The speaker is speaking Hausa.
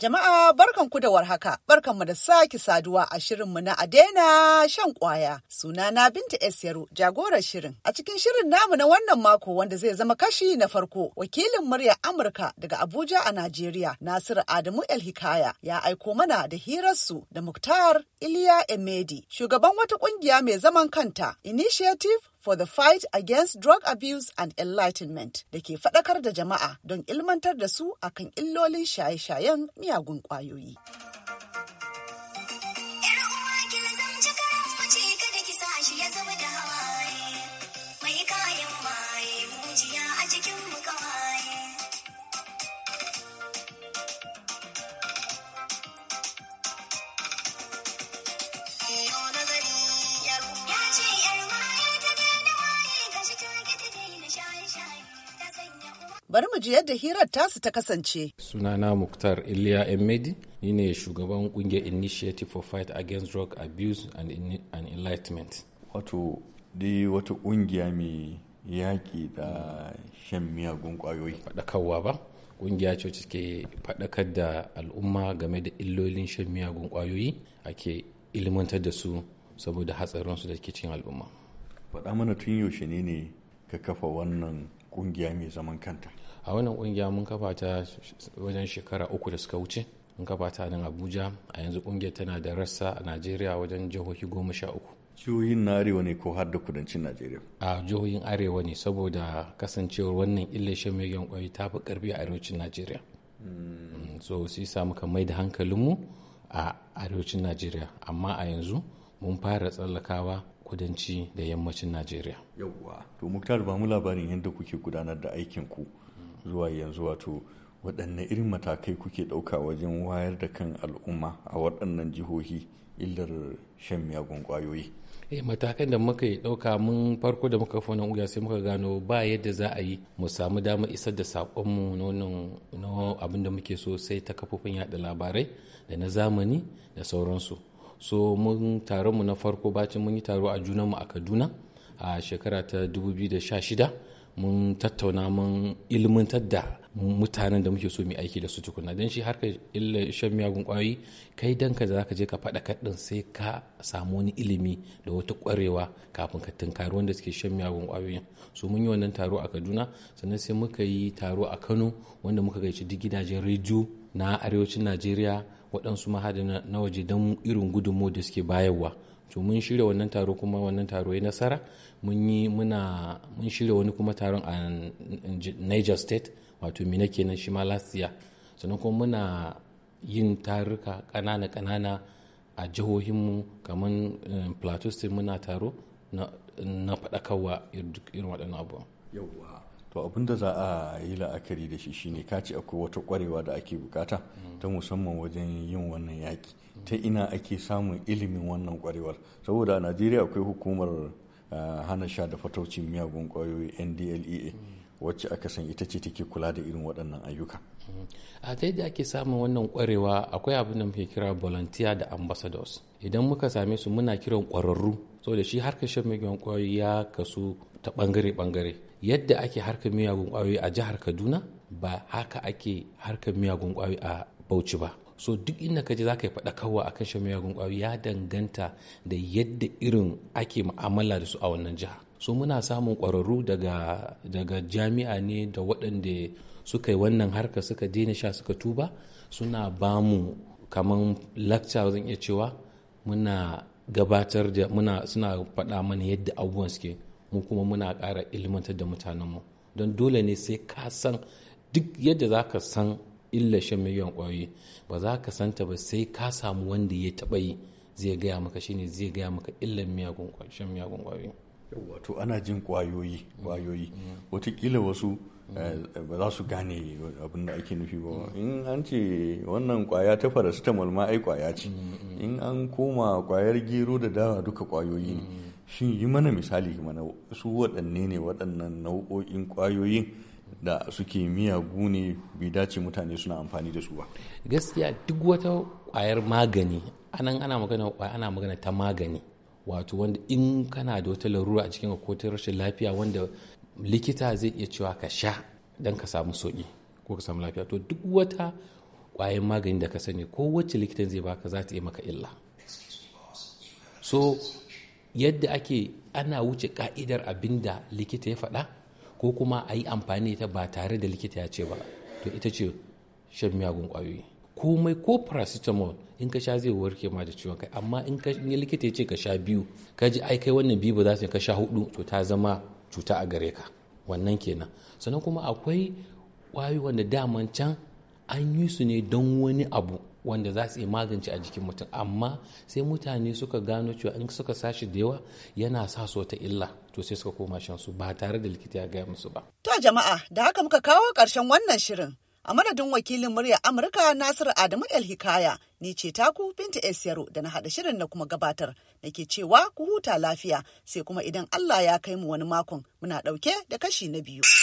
Jama'a barkan ku da warhaka, mu da sake saduwa a shirin mu na Adena shan kwaya. na Binta S. Yaro, jagorar shirin. A cikin shirin namu na wannan mako wanda zai zama kashi na farko, wakilin Murya Amurka daga Abuja a Najeriya, Nasiru Adamu El Hikaya, ya aiko mana da hirarsu da Muktar Iliya Emedi, shugaban wata kungiya mai zaman kanta, Initiative for the Fight Against Drug Abuse and Enlightenment da ke faɗakar da jama'a don ilmantar da su akan illolin shaye-shayen miyagun ƙwayoyi. bari mu ji yadda hirar tasu ta kasance. Sunana Muktar Iliya Emedi ni ne shugaban kungiyar Initiative for Fight Against Drug Abuse and, and Enlightenment. Wato, dai wata kungiya mai yaƙi da shan miyagun kwayoyi. Faɗakarwa ba, kungiya ce ke faɗakar da al'umma game da illolin shan miyagun kwayoyi ake ilmantar da su saboda hatsarinsu da ke cikin al'umma. Faɗa mana tun yaushe ne ne ka kafa wannan kungiya mai zaman kanta a wannan kungiya mun kafa ta wajen shekara uku da suka wuce mun kafa ta nan abuja a yanzu kungiyar tana da rassa a najeriya wajen jihohi goma sha uku jihohin na arewa ne ko har da kudancin najeriya a jihohin arewa ne saboda kasancewar wannan illar shan megen kwai ta fi karfi a arewacin najeriya hmm. so sai samu ka mai da hankalinmu a arewacin najeriya amma a yanzu mun fara tsallakawa kudanci da yammacin najeriya yawwa to muktar ba mu labarin yadda kuke gudanar da aikin ku zuwa yanzu wato waɗanne irin matakai kuke ɗauka wajen wayar da kan al'umma a waɗannan jihohi illar shan miyagun ƙwayoyi eh matakan da muka yi ɗauka mun farko da muka fona wuya sai muka gano ba yadda za a yi mu samu damar isar da saƙonmu na abin da muke so sai ta kafofin yaɗa labarai da na zamani da sauransu so mun taron mu na farko bacin mun yi taro a junan mu a kaduna a shekara ta 2016 mun tattauna mun ilmantar da mutanen da muke so mu aiki da su tukuna don shi harka illa shan miyagun kwayoyi kai dan ka za ka je ka faɗa kaɗin sai ka samu wani ilimi da wata ƙwarewa kafin ka tinkari wanda suke shan miyagun kwayoyin so mun yi wannan taro a kaduna sannan sai muka yi taro a kano wanda muka gaici duk gidajen rediyo na arewacin najeriya waɗansu mahadi na waje don irin gudunmu da suke bayarwa to mun shirya wannan taro kuma wannan taro ya nasara mun yi muna mun shirya wani kuma taron a niger state wato mina kenan shi ma sannan kuma muna yin taruka ƙanana ƙanana a jihohinmu kamar eh, plateau state muna taro na faɗakarwa irin waɗannan abubuwan to abin da za a yi la'akari da shi shine ka ce akwai wata kwarewa da ake bukata ta musamman wajen yin wannan yaki ta ina ake samun ilimin wannan kwarewar saboda a najeriya akwai hukumar hana sha da fataucin miyagun kwayoyi ndlea wacce aka san ita ce take kula da irin waɗannan ayyuka a ta yadda ake samun wannan kwarewa akwai abin da muke kira volunteer da ambassadors idan muka same su muna kiran kwararru saboda shi harkar shan miyagun kwayoyi ya kasu ta bangare-bangare yadda ake harkar miyagun kwayoyi a jihar kaduna ba haka ake harkar miyagun kwayoyi a bauchi ba so duk inda ka je za ka yi kawo a kan shan miyagun kwayoyi ya danganta da yadda irin ake mu'amala da su a wannan jiha so muna samun ƙwararru daga, daga jami'a ne da waɗanda suka yi wannan harka suka daina sha suka tuba suna ba mu kamar lakca zan iya cewa muna gabatar da muna suna faɗa mana yadda abubuwan suke mu kuma muna ƙara ilmantar da mutanenmu don dole ne sai ka san duk yadda za ka san illa shan miliyan ƙwayoyi ba za ka santa ba sai ka samu wanda ya taɓa yi zai gaya maka shine zai gaya maka illan miyagun shan miyagun ƙwayoyi wato ana jin ƙwayoyi mm. ƙwayoyi mm. watakila wasu mm. eh, ba za su gane abin da ake nufi ba in an ce wannan kwaya ta farasitamol ma ai ƙwaya ce in an koma kwayar gero da dawa duka kwayoyi ne shin yi mana misali mana su waɗanne ne waɗannan nau'o'in ƙwayoyin da suke miyagu ne bai dace mutane suna amfani da su ba gaskiya duk wata ƙwayar magani anan ana magana ana magana ta magani wato wanda in kana da wata larura a cikin ko ta rashin lafiya wanda likita zai iya cewa ka sha don ka samu sauki ko ka samu lafiya to duk wata ƙwayar magani da ka sani ko wacce likitan zai baka za ta yi maka illa so yadda ake ana wuce ka'idar abin da likita ya faɗa ko kuma a yi amfani ta ba tare da likita ya ce ba to ita ce shan miyagun ƙwayoyi komai ko paracetamol in ka sha zai warke ma da ciwon kai amma in ka likita ya ce ka sha biyu ka ji ai kai wannan biyu ba za su ka sha hudu to ta zama cuta a gare ka wannan kenan sannan kuma akwai ƙwayoyi wanda daman can an yi su ne don wani abu wanda za su iya magance a jikin mutum amma sai mutane suka gano cewa in suka sashi da yawa yana sa su wata illa to sai suka koma shan su ba tare da likita ya gaya musu ba. To jama'a da haka muka kawo ƙarshen wannan shirin a madadin wakilin murya Amurka Nasiru Adamu El Hikaya ni ce taku Binta Esiyaro da na haɗa shirin na kuma gabatar nake cewa ku huta lafiya sai kuma idan Allah ya kai mu wani makon muna ɗauke da kashi na biyu.